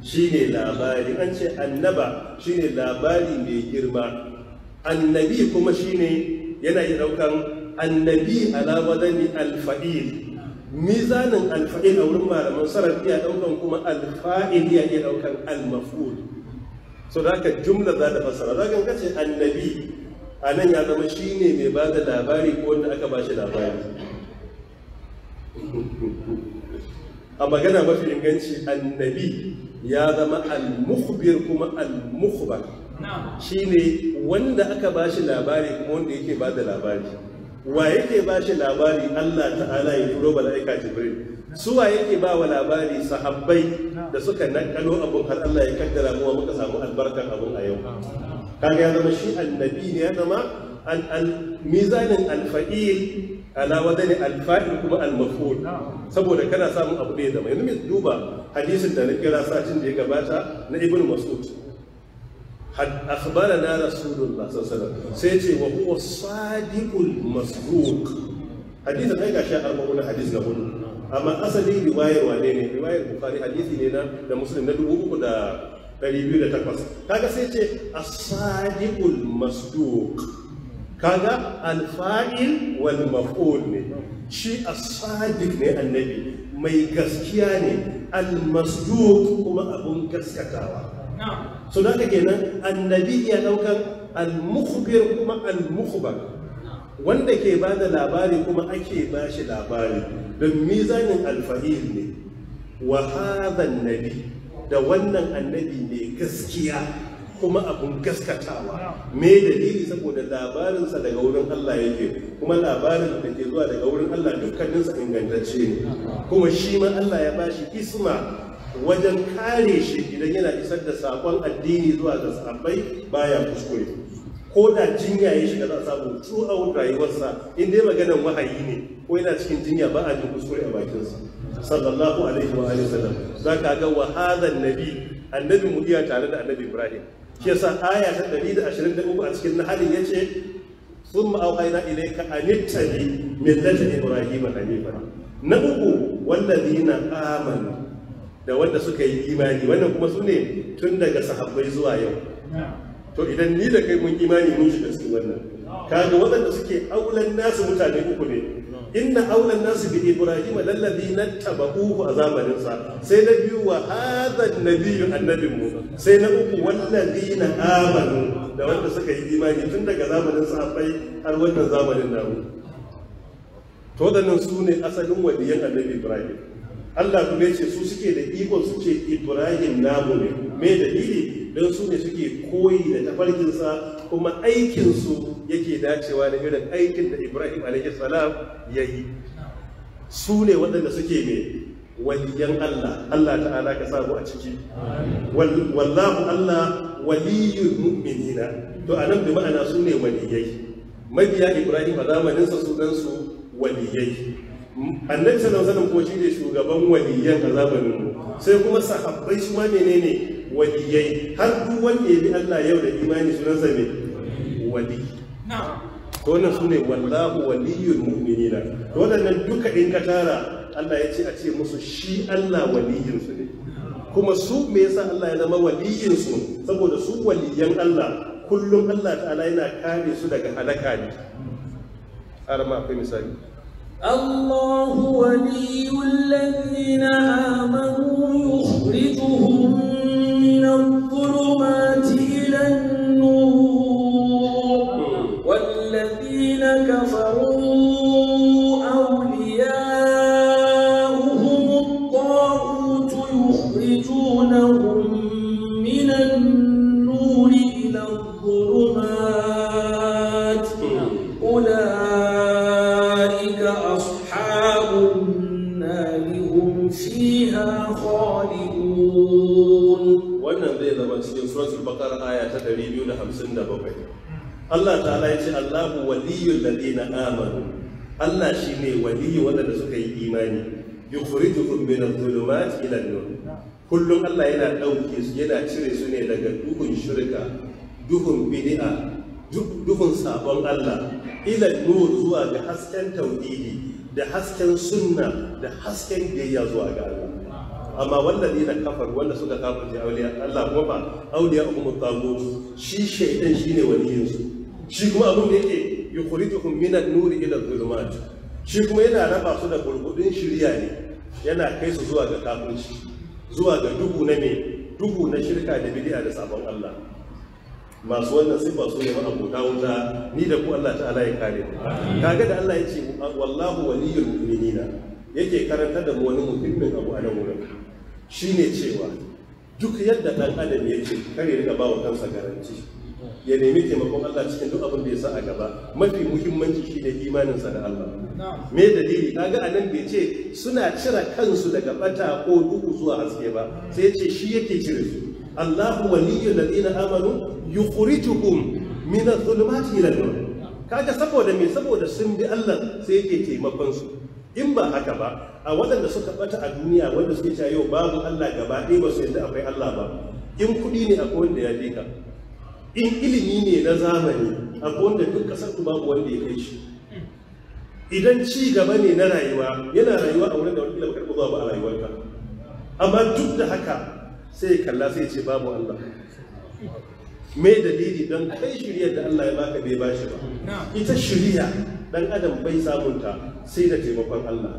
shine labari an ce annaba shine labari mai girma annabi kuma shine yana iya daukan annabi ala badani alfa'il mizanin alfa'il a wurin malaman sarraf iya daukan kuma alfa'il ya iya daukan almaf'ul so da jumla za ta fassara za ka annabi a nan ya zama shi ne mai ba da labari ko wanda aka ba shi labari a magana mafi inganci annabi ya zama al kuma al Shi ne wanda aka ba shi labari kuma wanda yake da labari wa yake shi labari Allah ta'ala ya turo mala'ika Jibril wa yake ba wa labari sahabbai da suka nakalo abun har Allah ya kaddara mu muka samu albarkar abun a yau kaga ya zama shi annabi ne ya zama mizanin al ala wadani alfa'il kuma almaf'ul saboda kana samun abu da ya zama yanzu duba hadisin da na kira satin da ya gabata na ibn mas'ud akhbarana rasulullah sallallahu sai ce wa huwa sadiqul masduq hadithin kai gashi arba'un hadis na hudu amma asali riwayar wane ne riwayar bukhari hadisi ne na da muslim na dubu uku da ɗari biyu da takwas kaga sai ce asadiqul masduq kaga alfa'il wal maf'ul ne shi asadiq ne annabi mai gaskiya ne al kuma abun gaskatawa so da haka kenan annabi ya daukan al-mukhbir kuma al-mukhbar wanda ke ba da labari kuma ake ba shi labari don mizanin alfahim ne wa hadhan da wannan annabi ne gaskiya kuma abun gaskatawa me dalili saboda labarinsa daga wurin Allah yake kuma labarin da ke zuwa daga wurin Allah dukkaninsa ingantacce ne kuma shi ma Allah ya bashi isma wajen kare shi idan yana isar da sakon addini zuwa ga sahabbai baya kuskure ko da jinya ya shiga za a samu throughout rayuwarsa in dai maganar wahayi ne ko yana cikin jinya ba a jin kuskure a bakinsa sallallahu alaihi wa alihi za zaka ga wa hadhan nabi annabi mudiya tare da annabi ibrahim shi yasa aya ta 123 a cikin nahadin A ثم أوحينا إليك أن اتبع ملة Na uku نبؤ zina آمنوا da wanda suka yi imani wannan kuma su ne tun daga sahabbai zuwa yau to idan ni da kai mun imani mun shiga cikin wannan kaga waɗanda suke aulan nasu mutane uku ne inna aulan nasu bi ibrahim lallazi nattaba'uhu a zamanin sa sai na biyu wa hadha nabiyyu annabi mu sai na uku na amanu da wanda suka yi imani tun daga zamanin sahabbai har wannan zamanin namu to nan su ne asalin waliyan annabi ibrahim Allah kuma ce su suke da ikon su ce Ibrahim namu ne me dalili don su ne suke koyi da tafarkinsa kuma aikinsu yake dacewa da irin aikin da Ibrahim alaihi salam ya yi su ne waɗanda suke mai waliyan Allah Allah ta'ala ka samu a ciki wallahu Allah waliyul mu'minina to anan bi ma'ana su ne waliyai mabiya Ibrahim a zamaninsa su dan su waliyai annabi sallallahu alaihi wasallam shi ne shugaban waliyan a zamanin mu sai kuma sahabbai shi ma menene waliyai har duk wanda ya bi Allah yau da imani sa ne wali to wannan sune wallahu waliyul mu'minina to wannan duka in ka tara Allah ya ce a ce musu shi Allah waliyin su ne kuma su me yasa Allah ya zama waliyin su saboda su waliyan Allah kullum Allah ta'ala yana kare su daga halaka ne har ma akwai misali الله ولي الذين آمنوا يخرجهم من الظلمات إلى النور bakar aya ta 257 Allah ta'ala ya ce Allahu waliyul ladina amanu Allah shine waliyu wanda suka yi imani yukhrijukum min adh-dhulumat ila an-nur kullum Allah yana ɗauke su yana cire su ne daga duhun shirka duhun bid'a duhun sabon Allah ila nur zuwa ga hasken tauhidi da hasken sunna da hasken biyayya zuwa ga Allah amma wallazi na kafar wanda suka ji auliya Allah kuma ba auliya ummu tagut shi shaytan shine waliyin su shi kuma abun da yake yukhrijukum minan nuri ila dhulumat shi kuma yana raba su da gurgudun shirya ne yana kai su zuwa ga kafirci zuwa ga duhu na me duhu na shirka da bid'a da sabon Allah masu wannan sun ba su ne abota wuta ni da ku Allah ta'ala ya kare ka kaga da Allah ya ce wallahu waliyul mu'minina yake karanta da mu wani muhimmin abu a nan wurin ne cewa duk yadda ɗan adam ya ce kare rika ba wa kansa garanti ya nemi taimakon Allah cikin duk abin da ya sa a gaba mafi muhimmanci shi ne imaninsa da Allah me dalili kaga anan bai ce suna cira kansu daga bata ko duhu zuwa haske ba sai ce shi yake cire su Allahu waliyyu ladina amanu yukhrijuhum min adh-dhulumati ila an-nur kaga saboda me saboda sun bi Allah sai yake taimakon su in ba haka ba a waɗanda suka ɓata a duniya wanda suke cewa yau babu Allah gaba ɗaya ba su yadda akwai Allah ba in kuɗi ne akwai wanda ya fi ka in ilimi ne na zamani akwai wanda duk ƙasar ku babu wanda ya kai shi idan ci gaba ne na rayuwa yana rayuwa a wurin da wani ilimin karɓar babu a rayuwarka amma duk da haka sai kalla sai ce babu Allah me dalili don kai shirya da Allah ya baka bai bashi ba ita shirya dan adam bai samunta sai da taimakon Allah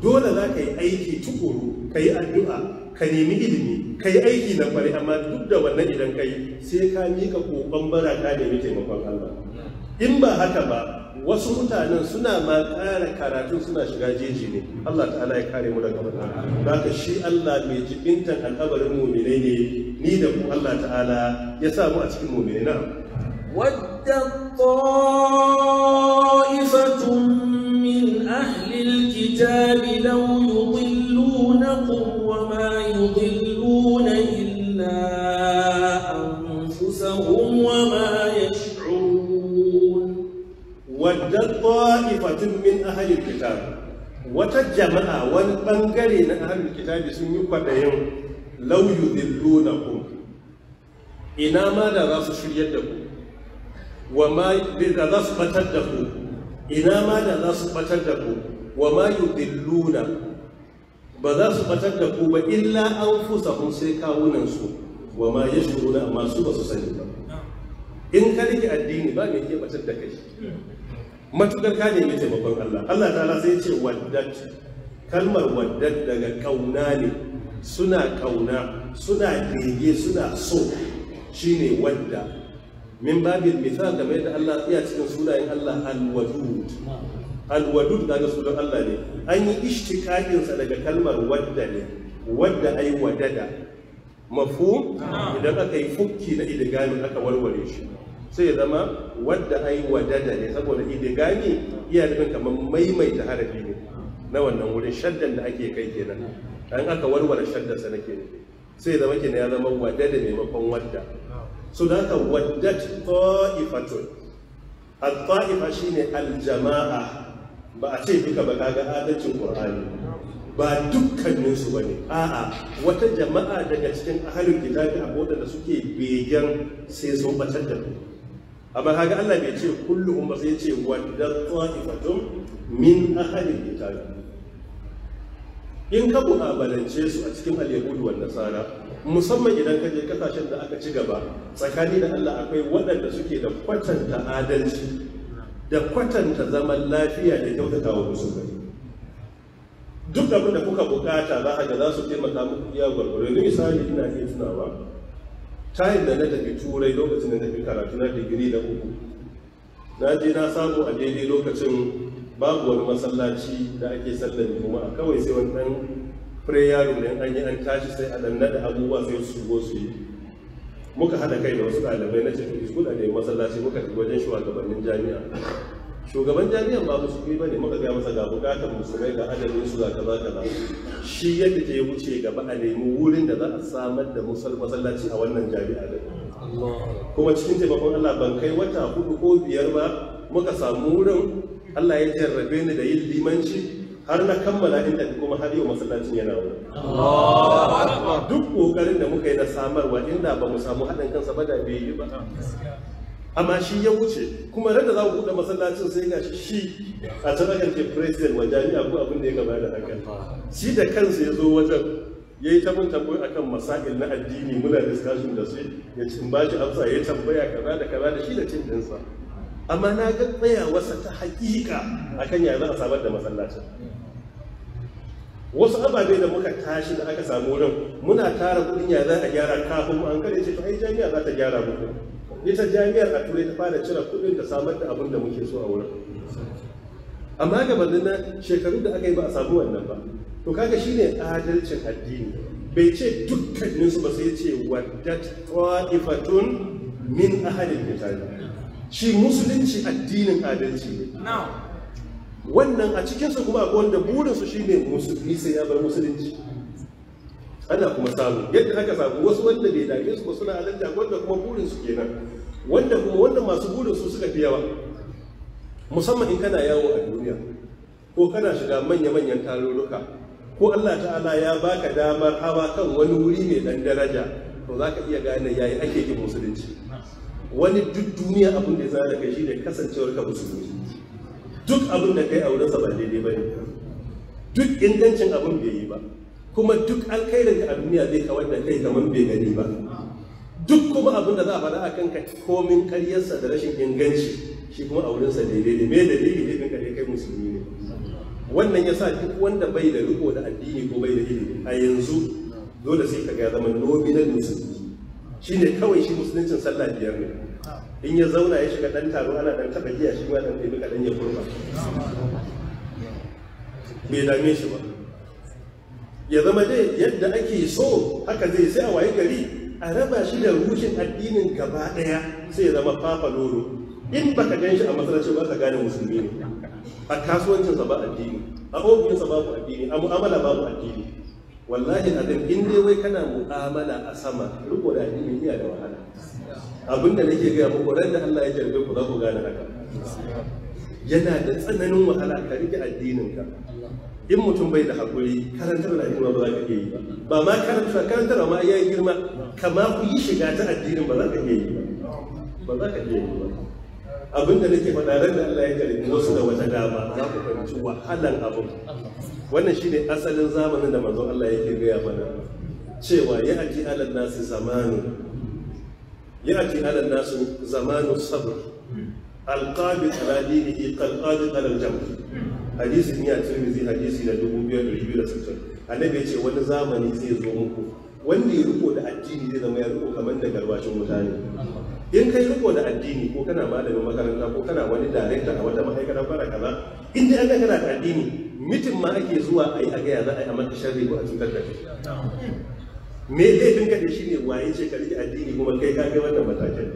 dole za ka yi aiki tukuru ka yi addu'a ka nemi ilimi ka yi aiki na kwari amma duk da wannan idan ka yi sai ka mika kokon bara ka nemi taimakon Allah in ba haka ba wasu mutanen suna ma ƙara karatu suna shiga jeji ne Allah ta'ala ya kare mu daga wannan ka shi Allah mai jibintan al'abarin mu'minai ne ni da ku Allah ta'ala ya samu a cikin ne na'am ودت طائفة من أهل الكتاب لو يضلونكم وما يضلون إلا أنفسهم وما يشعرون ودت طائفة من أهل الكتاب wata jama'a wani bangare na ahlul kitabi sun yi kwadayin lau yudillunakum ina ma da za su shiryar da ku wa ma da za su batar da ku ina ma da za su batar da ku wa ma yudilluna ba za su batar da ku ba illa kun sai kawunan su wa ma yashuruna amma su ba su sani ba in ka rike addini ba mai ke batar da kai matukar ka nemi taimakon Allah Allah ta'ala sai ce waddat kalmar waddat daga kauna ne suna kauna suna bege suna so shine wadda min babil misal game da Allah iya cikin sunayen Allah al-wadud al-wadud daga sunan Allah ne an yi ishtiqaqin sa daga kalmar wadda ne wadda ai wadada mafu idan aka yi fukki na idigami aka warware shi sai ya zama wadda ai wadada ne saboda idigami iya nufin kamar maimaita harafi ne na wannan wurin shaddan da ake kai kenan an aka warware shaddan sa nake ne sai ya zama kenan ya zama wadada maimakon wadda Su da ka waddat ta'ifatun al-ta'ifa shine al-jama'a ba a ce duka ba kaga adalcin qur'ani ba dukkanin su bane a'a wata jama'a daga cikin ahlul kitabi a da suke begen sai sun batar da amma kaga Allah bai ce kulluhum ba sai ce waddat ta'ifatun min ahlul kitabi in ka abalance su a cikin al-yahud wal nasara musamman idan ka je kasashen da aka ci gaba tsakani da Allah akwai waɗanda suke da kwatanta adalci da kwatanta zaman lafiya da kyautata wa musulmai duk abin da kuka bukata za a ga za su taimaka muku iya gwargwaro yanzu misali ina iya tunawa tayin da na tafi turai lokacin da na tafi karatu na digiri da uku na je na samu a daidai lokacin babu wani masallaci da ake sallar juma'a kawai sai wani ɗan prayer room ne an yi an tashi sai a dan nada abubuwa sai su go su yi muka haɗa kai da wasu ɗalibai na cikin iskul a da masallaci muka tafi wajen shugabannin jami'a shugaban jami'an ba musulmi ba ne muka gaya masa ga bukatar musulmai ga adadin su ga kaza kaza shi yadda ta wuce gaba a nemi wurin da za a samar da masallaci a wannan jami'a da kuma cikin taimakon Allah ban kai wata hudu ko biyar ba muka samu wurin Allah ya jarrabe ni da yin limanci har na kammala inda kuma har yau masallacin yana wuri. duk kokarin da muka yi na samarwa inda ba mu samu haɗin kansa ba da bai yi ba amma shi ya wuce kuma ran da za ku buɗe masallacin sai ga shi a can ke president wa jami'a ko abin da ya gaba da hakan shi da kansa ya zo wajen ya yi ta mun a kan masahil na addini muna discussion da su ya cin bashi amsa ya tambaya kaza da kaza da shi da cin dinsa amma na ga wasa ta hakika akan yaya za a samar da masallacin wasu ababe da muka tashi da aka samu wurin muna tara kudin ya za a gyara kafin mu an kare ce to ai jami'a za ta gyara muku ita jami'ar a turai ta fara cire kudin ta samar da abin da muke so a wurin amma ga na shekaru da aka yi ba a samu wannan ba to kaga shine adalcin addini bai ce dukkaninsu ba sai ce wadda ta'ifatun min ahadin mutane shi musulunci addinin adalci ne wannan a cikinsu kuma akwai wanda burinsu shi ne musulmi sai ya bar musulunci ana kuma samu yadda aka samu wasu wanda bai dame su ba suna adalci wanda kuma burinsu kenan wanda kuma wanda masu burinsu suka fi yawa musamman in kana yawo a duniya ko kana shiga manya-manyan tarurruka ko Allah ta'ala ya baka damar hawa kan wani wuri mai dan daraja to ka iya gane yayi ake ki musulunci wani duk duniya abin da ya zara kai shi ne kasancewar ka musulmi duk abin da kai a wurinsa ba daidai ba ne duk ingancin abin bai yi ba kuma duk alkhairin a duniya zai kawar da kai kamar bai gani ba duk kuma abin da za a faɗa a kanka komin karyarsa da rashin inganci shi kuma a wurinsa daidai ne mai dalilin ne kanka kai musulmi ne wannan ya sa duk wanda bai da riko da addini ko bai da ilimi a yanzu dole sai ka ga zama nominal musulmi shi ne kawai shi musuluncin sallah biyar ne in ya zauna ya shiga dan taro ana dan taba giya shi ma dan ɗebi kaɗan ya kurba bai dame shi ba ya zama dai yadda ake so haka zai sai a waye gari a raba shi da rushin addinin gaba ɗaya sai ya zama fafa loro in baka gan shi a masallaci ba ka gane musulmi ne a kasuwancinsa ba addini a ofinsa babu addini a mu'amala babu addini wallahi abin in dai wai kana mu'amala a sama riko da addini iya da wahala abin da nake gaya muku ran da Allah ya jarbe ku za ku gane haka yana da tsananin wahala ka rike addinin ka in mutum bai da haƙuri karantar da addini ba za ka iya yi ba ma karantar karantar ma ya yi girma kama ku yi shiga ta addinin ba za ka iya yi ba ba za ka iya yi ba abin da nake faɗa ran da Allah ya jarbe wasu da wata dama za ku fahimci wahalan abin wannan shine asalin zamanin da manzon Allah yake gaya mana cewa ya ati alal nasu zamanu ya ati alal nasi zamanu sabr alqabi ala dinihi qalqabi ala jam hadisi ne a tirmidhi hadisi na 2260 annabi ya ce wani zamani zai zo muku wanda ya riko da addini zai zama ya riko kamar da garbashin mutane in kai riko da addini ko kana malamin makaranta ko kana wani director a wata ma'aikata fara kaza in dai an kana da addini mitin ma ake zuwa ai a gaya za a yi a mata sharri ko a cutar da kai me laifin ka da shi ne waye ce ka rike addini kuma kai ka kai wannan matakin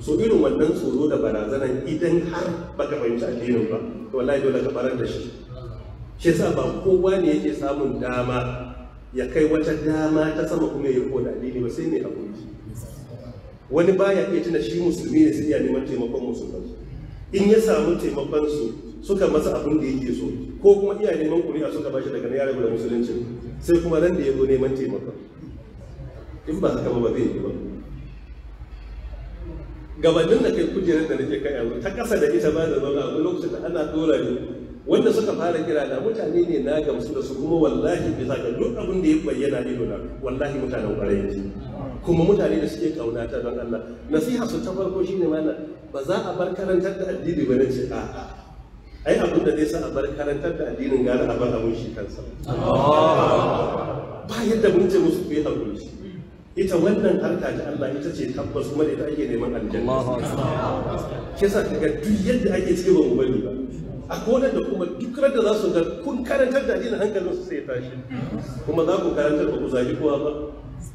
so irin wannan tsoro da barazanar idan har baka fahimci addinin ba to wallahi dole ka barar da shi shi yasa ba kowa ne yake samun dama ya kai wata dama ta sama kuma ya yi koda addini ba sai ne hakuri wani baya iya tuna shi musulmi ne sai ya neman taimakon musulmai in ya samu taimakon su suka masa abin da yake so ko kuma iya neman kuri'a suka bashi daga na yarabu da musulunci sai kuma ran da ya zo neman taimaka in ba haka ba zai yi ba gabanin da kai kujerar da nake kai yanzu ta kasa da ita ba da zauna a lokacin da ana dora ne wanda suka fara kira da mutane ne na gamsu da su kuma wallahi bisa ga duk abin da ya bayyana ni na wallahi mutanen ƙwarai ne kuma mutane da suke ta don Allah nasiha su ta farko shine mana ba za a bar karantar da addini ba ne ce a'a ai abin da zai sa a bar karantar da addinin gane a bar abin shi kansa ba yadda mun ce musu kuyi hakuri ita wannan harka ta Allah ita ce tabbas kuma ita ake neman aljanna shi yasa duk yadda ake ce ba mu bari ba a kodan da kuma duk da za su ga kun karantar da addinin hankalin su sai tashi kuma za ku karantar ba ku zagi kowa ba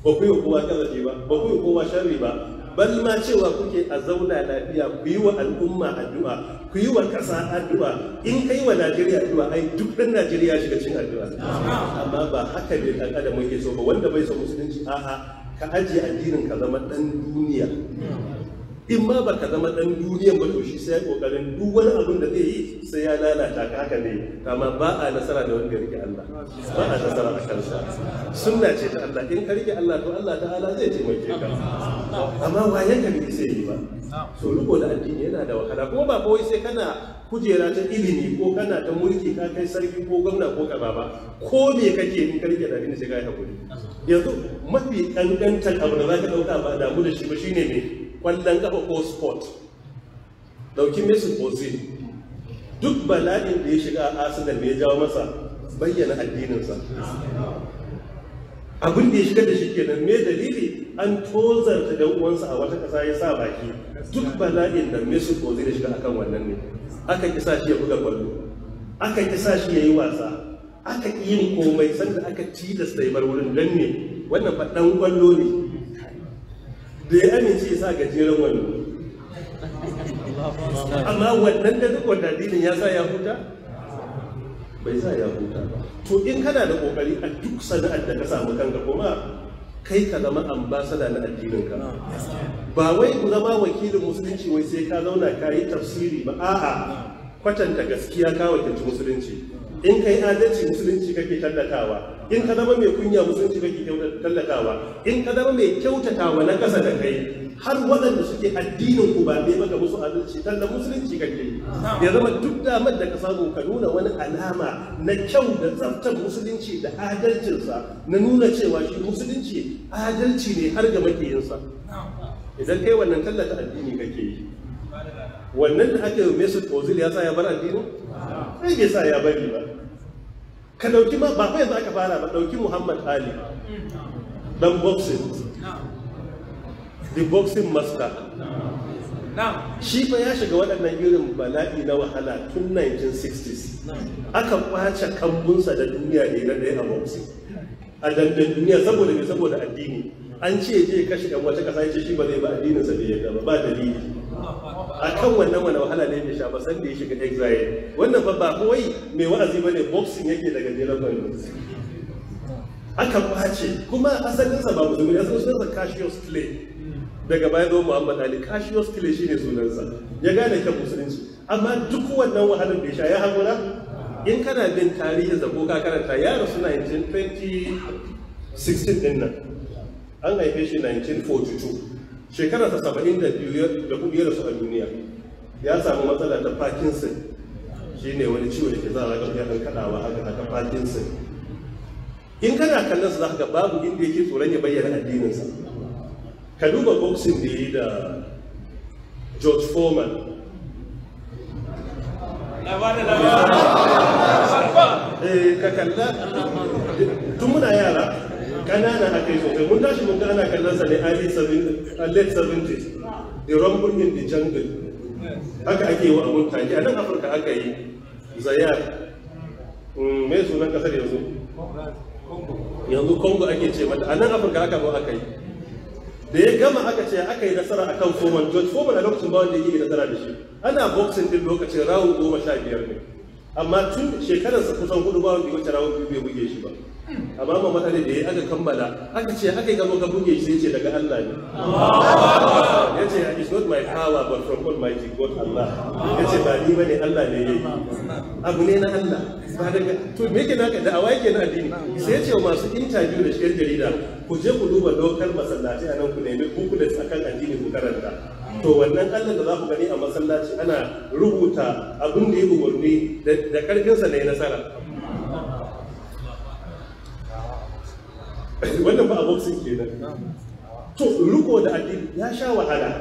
ba ku yi kowa kazafi ba ba ku yi kowa sharri ba bal ma cewa kuke a zauna lafiya ku yi wa al'umma addu'a ku yi wa ƙasa addu'a in ka yi wa najeriya addu'a ai duk ɗan najeriya shiga cin addu'a amma ba haka ne dan adam yake so ba wanda bai so musulunci a'a ka ajiye addinin ka zama ɗan duniya in ma baka zama ɗan duniyan ba to shi sai ya kokarin duk wani abin da zai yi sai ya lalata ka haka ne amma ba a nasara da wanda rike Allah ba a nasara a kansa sunna ce ta Allah in ka rike Allah to Allah ta'ala zai mai ka amma waye ka rike sai yi ba so riko da addini yana da wahala kuma ba kawai sai kana kujera ta ilimi ko kana ta mulki ka kai sarki ko gwamna ko kaba ba ko me kake in ka rike da abin sai ka yi hakuri yanzu mafi kankantar abu da za ka dauka ba damu da shi ba shine ne kwallon kafa ko sport dauki Mesut Ozil duk bala'in da ya shiga a Arsenal ne ya jawo masa bayyana addininsa abin da ya shiga da shi kenan me dalili an tozarta da uwansa a wata kasa ya sa baki duk bala'in da Mesut Ozil ya shiga kan wannan ne aka ki sa shi ya buga kwallo aka ki sa shi ya yi wasa aka ki yin komai sanda aka tilasta ya bar wurin dan ne wannan faɗan kwallo ne da ya amince ya sa gajeren wani. amma wannan da duk wanda addinin ya sa ya huta bai sa ya huta to in kana da kokari a duk sana'ar da ka samu kanka kuma kai ka zama ambasada na addinin ka ba wai ku zama wakilin musulunci wai sai ka zauna ka yi tafsiri ba a'a kwatanta gaskiya ka wakilci musulunci in ka yi adalci musulunci kake tallatawa in ka zama mai kunya musulunci kake tallatawa in ka zama mai kyautatawa na kasa da kai har waɗanda suke addinin ku ba bai maka musu adalci talla musulunci kake ya zama duk damar da ka samu ka nuna wani alama na kyau da tsaftar musulunci da adalcinsa na nuna cewa shi musulunci adalci ne har ga makiyinsa idan kai wannan tallata addini kake yi wannan da aka yi mesut ozil ya sa ya bar addini Ai bai sa ya bari ba ka dauki ma ba fa yanzu aka fara ba dauki muhammad ali dan boxing the boxing master shi fa ya shiga waɗannan irin bala'i na wahala tun 1960s aka kwace kambunsa da duniya ne na ɗaya a boxing a dandan duniya saboda mai saboda addini an ce je kashe ɗan wata ƙasa ya ce shi ba zai ba sa da ya gaba ba dalili a kan wannan wani wahala ne mai shafa san da ya shiga exile wannan fa ba kawai mai wa'azi ba ne boxing yake daga jela kwallo aka kwace kuma asalinsa ba musulmi ya san sunansa cassius clay daga baya zo muhammad ali cassius clay shine sunansa ya gane kan musulunci amma duk wannan wahalar da ya sha ya haƙura in kana bin tarihin ko ka karanta ya rasu yin 2016 din nan an haife shi 1942 shekara ta saba'in da biyu da kuɗi ya rasu a duniya ya samu matsala ta parkinson shi ne wani ciwo da ke za a ga ɗan kaɗawa haka haka parkinson in kana kallon su za ga babu inda yake tsoron ya bayyana addininsa ka duba boxing da yi da george foreman eh, ka kalla tun muna yara kanana a kai sosai mun tashi mun ga ana kallon sa ne a late 70s the rumble in the jungle haka ake yi wa abun take a nan afirka aka yi zayar mai mm, sunan kasar yanzu yanzu congo ake ce mata a nan afirka aka zo aka yi da ya gama aka ce aka yi nasara a kan foman george foman a lokacin bawan da ya yi nasara da shi ana boxing din lokacin rawun goma sha biyar ne amma tun shekararsa kusan hudu bawan da ya wuce rawun biyu bai buge shi ba amma ma matsalin da ya aka kammala aka ce aka gano ka buge shi ce daga Allah ne ya ce it's not my power but from almighty God Allah ya ce ba ni bane Allah ne ya yi abu ne na Allah ba daga to me na naka da awai yake na addini sai ya ce masu interview da shirin jarida ku je ku duba dokar masallaci a nan ku nemi buklet akan addini ku karanta to wannan Allah da za ku gani a masallaci ana rubuta abin da ya umarni da karfinsa ne nasara wannan ba a boxing kenan to riko da addini ya sha wahala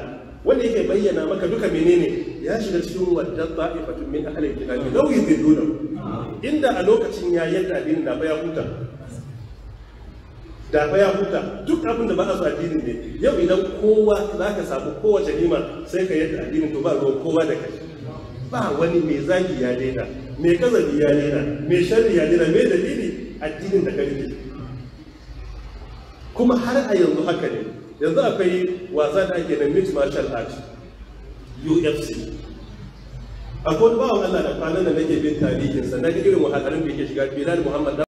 wanda yake bayyana maka duka menene ya shiga cikin waddan ta'ifatun min ahlil kitabi law yudilluna inda a lokacin ya yadda addinin da ya huta da baya ya huta duk abin da ba a so addinin ne yau idan kowa za ka samu kowace hima sai ka yadda addinin to ba ruwan kowa da kai ba wani mai zagi ya daina mai kazabi ya daina mai sharri ya daina mai dalili addinin da kai kuma har a yanzu haka ne yanzu akwai wasa da ake na mixed martial art ufc akwai bawan allah da kwanan da nake bin tarihinsa na ga irin wahalarin da yake shiga bilal muhammad